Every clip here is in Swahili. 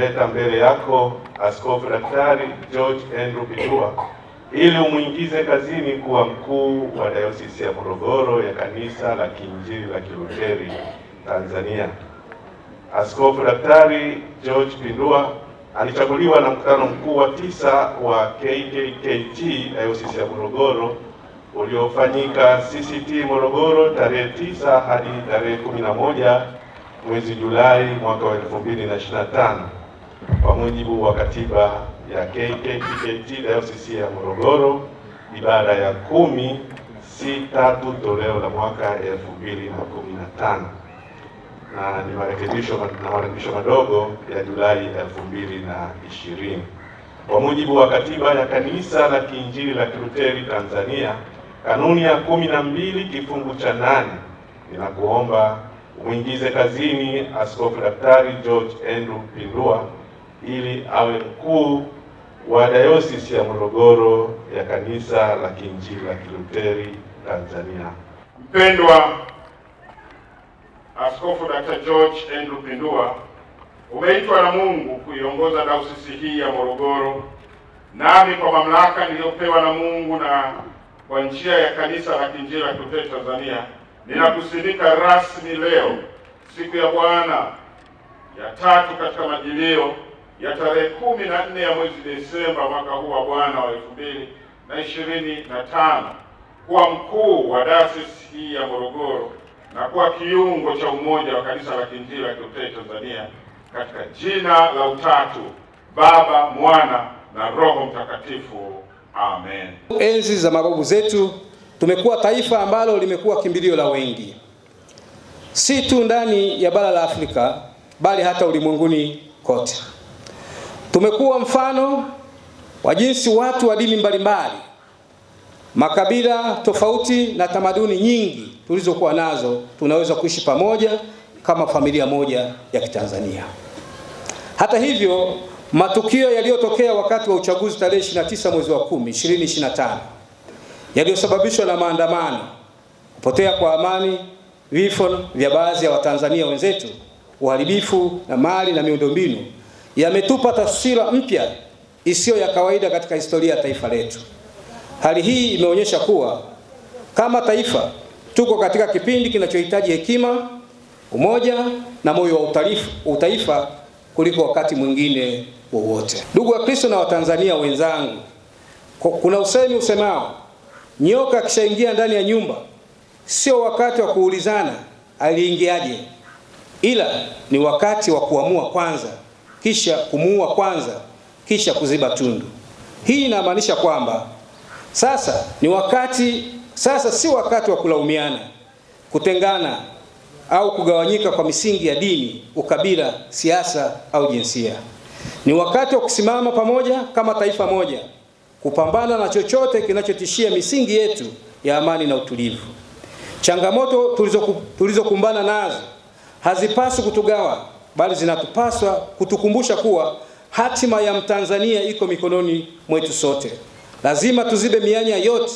kumleta mbele yako Askofu Daktari George Andrew Kitua ili umwingize kazini kuwa mkuu wa dayosisi ya Morogoro ya Kanisa la Kiinjili la Kiluteri Tanzania. Askofu Daktari George Pindua alichaguliwa na mkutano mkuu wa tisa wa KKKT dayosisi ya Morogoro uliofanyika CCT Morogoro tarehe tisa hadi tarehe kumi na moja mwezi Julai mwaka wa 2025 kwa mujibu wa katiba ya KKKT Dayosisi ya Morogoro ibara ya kumi si tatu toleo la mwaka elfu mbili na kumi na tano na ni marekebisho na marekebisho madogo ya Julai elfu mbili na ishirini. Kwa mujibu wa katiba ya Kanisa la Kiinjili la Kiluteri Tanzania kanuni ya kumi na mbili kifungu cha nane inakuomba umwingize kazini Askofu Daktari George Andrew Pindua ili awe mkuu wa dayosisi ya Morogoro ya kanisa la Kiinjili la Kiluteri Tanzania. Mpendwa Askofu Dr. George Andrew Pindua, umeitwa na Mungu kuiongoza dayosisi hii ya Morogoro, nami kwa mamlaka niliyopewa na Mungu na kwa njia ya kanisa la Kiinjili la Kiluteri Tanzania ninakusindika rasmi leo siku ya Bwana ya tatu katika majilio ya tarehe kumi na nne ya mwezi Desemba mwaka huu wa Bwana wa elfu mbili na ishirini na tano kuwa mkuu wa dayosisi hii ya Morogoro na kuwa kiungo cha umoja wa kanisa la Kiinjili la Kilutheri Tanzania katika jina la utatu Baba, Mwana na Roho Mtakatifu, amen. Enzi za mababu zetu tumekuwa taifa ambalo limekuwa kimbilio la wengi, si tu ndani ya bara la Afrika bali hata ulimwenguni kote. Tumekuwa mfano wa jinsi watu wa dini mbalimbali, makabila tofauti na tamaduni nyingi tulizokuwa nazo tunaweza kuishi pamoja kama familia moja ya Kitanzania. Hata hivyo, matukio yaliyotokea wakati wa uchaguzi tarehe 29 mwezi wa 10 2025 yaliyosababishwa na maandamano, kupotea kwa amani, vifo vya baadhi ya Watanzania wenzetu, uharibifu na mali na miundombinu yametupa taswira mpya isiyo ya kawaida katika historia ya taifa letu. Hali hii imeonyesha kuwa kama taifa tuko katika kipindi kinachohitaji hekima, umoja na moyo wa utaifa kuliko wakati mwingine wowote. Ndugu wa Kristo na Watanzania wenzangu, kuna usemi usemao nyoka akishaingia ndani ya nyumba sio wakati wa kuulizana aliingiaje, ila ni wakati wa kuamua kwanza kisha kumuua kwanza, kisha kuziba tundu. Hii inamaanisha kwamba sasa ni wakati, sasa si wakati wa kulaumiana, kutengana au kugawanyika kwa misingi ya dini, ukabila, siasa au jinsia. Ni wakati wa kusimama pamoja kama taifa moja, kupambana na chochote kinachotishia misingi yetu ya amani na utulivu. Changamoto tulizokumbana nazo hazipaswi kutugawa bali zinatupaswa kutukumbusha kuwa hatima ya Mtanzania iko mikononi mwetu sote. Lazima tuzibe mianya yote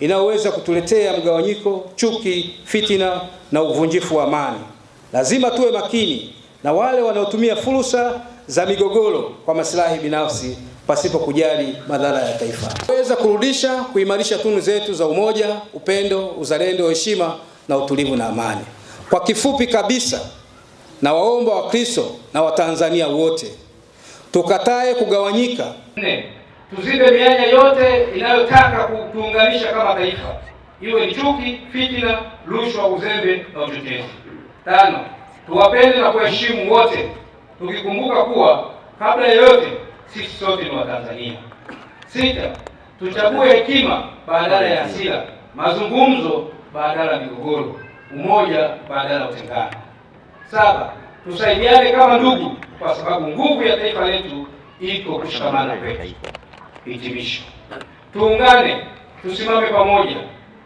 inayoweza kutuletea mgawanyiko, chuki, fitina na uvunjifu wa amani. Lazima tuwe makini na wale wanaotumia fursa za migogoro kwa maslahi binafsi pasipo kujali madhara ya taifa. Weza kurudisha kuimarisha tunu zetu za umoja, upendo, uzalendo, heshima na utulivu na amani. Kwa kifupi kabisa na waomba Wakristo na Watanzania wote tukatae kugawanyika. Nne, tuzibe mianya yote inayotaka kutuunganisha kama taifa, iwe ni chuki, fitina, rushwa, uzembe na uchochezi. Tano, tuwapende na kuheshimu wote, tukikumbuka kuwa kabla ya yote sisi sote ni Watanzania. Sita, tuchague hekima badala ya hasira, mazungumzo badala ya migogoro, umoja badala ya utengano. Saba, tusaidiane kama ndugu, kwa sababu nguvu ya taifa letu iko kushikamana kwetu. Hitimisho, tuungane, tusimame pamoja,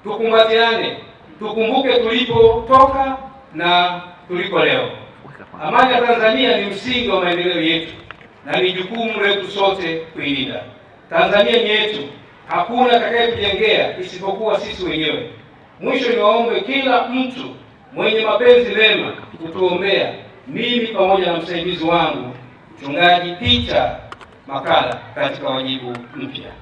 tukumbatiane, tukumbuke tulipotoka na tuliko leo. Amani ya Tanzania ni msingi wa maendeleo yetu na ni jukumu letu sote kuilinda. Tanzania ni yetu, hakuna atakayetujengea isipokuwa sisi wenyewe. Mwisho niwaombe kila mtu mwenye mapenzi mema kutuombea mimi pamoja na msaidizi wangu Mchungaji Peter Makala katika wajibu mpya.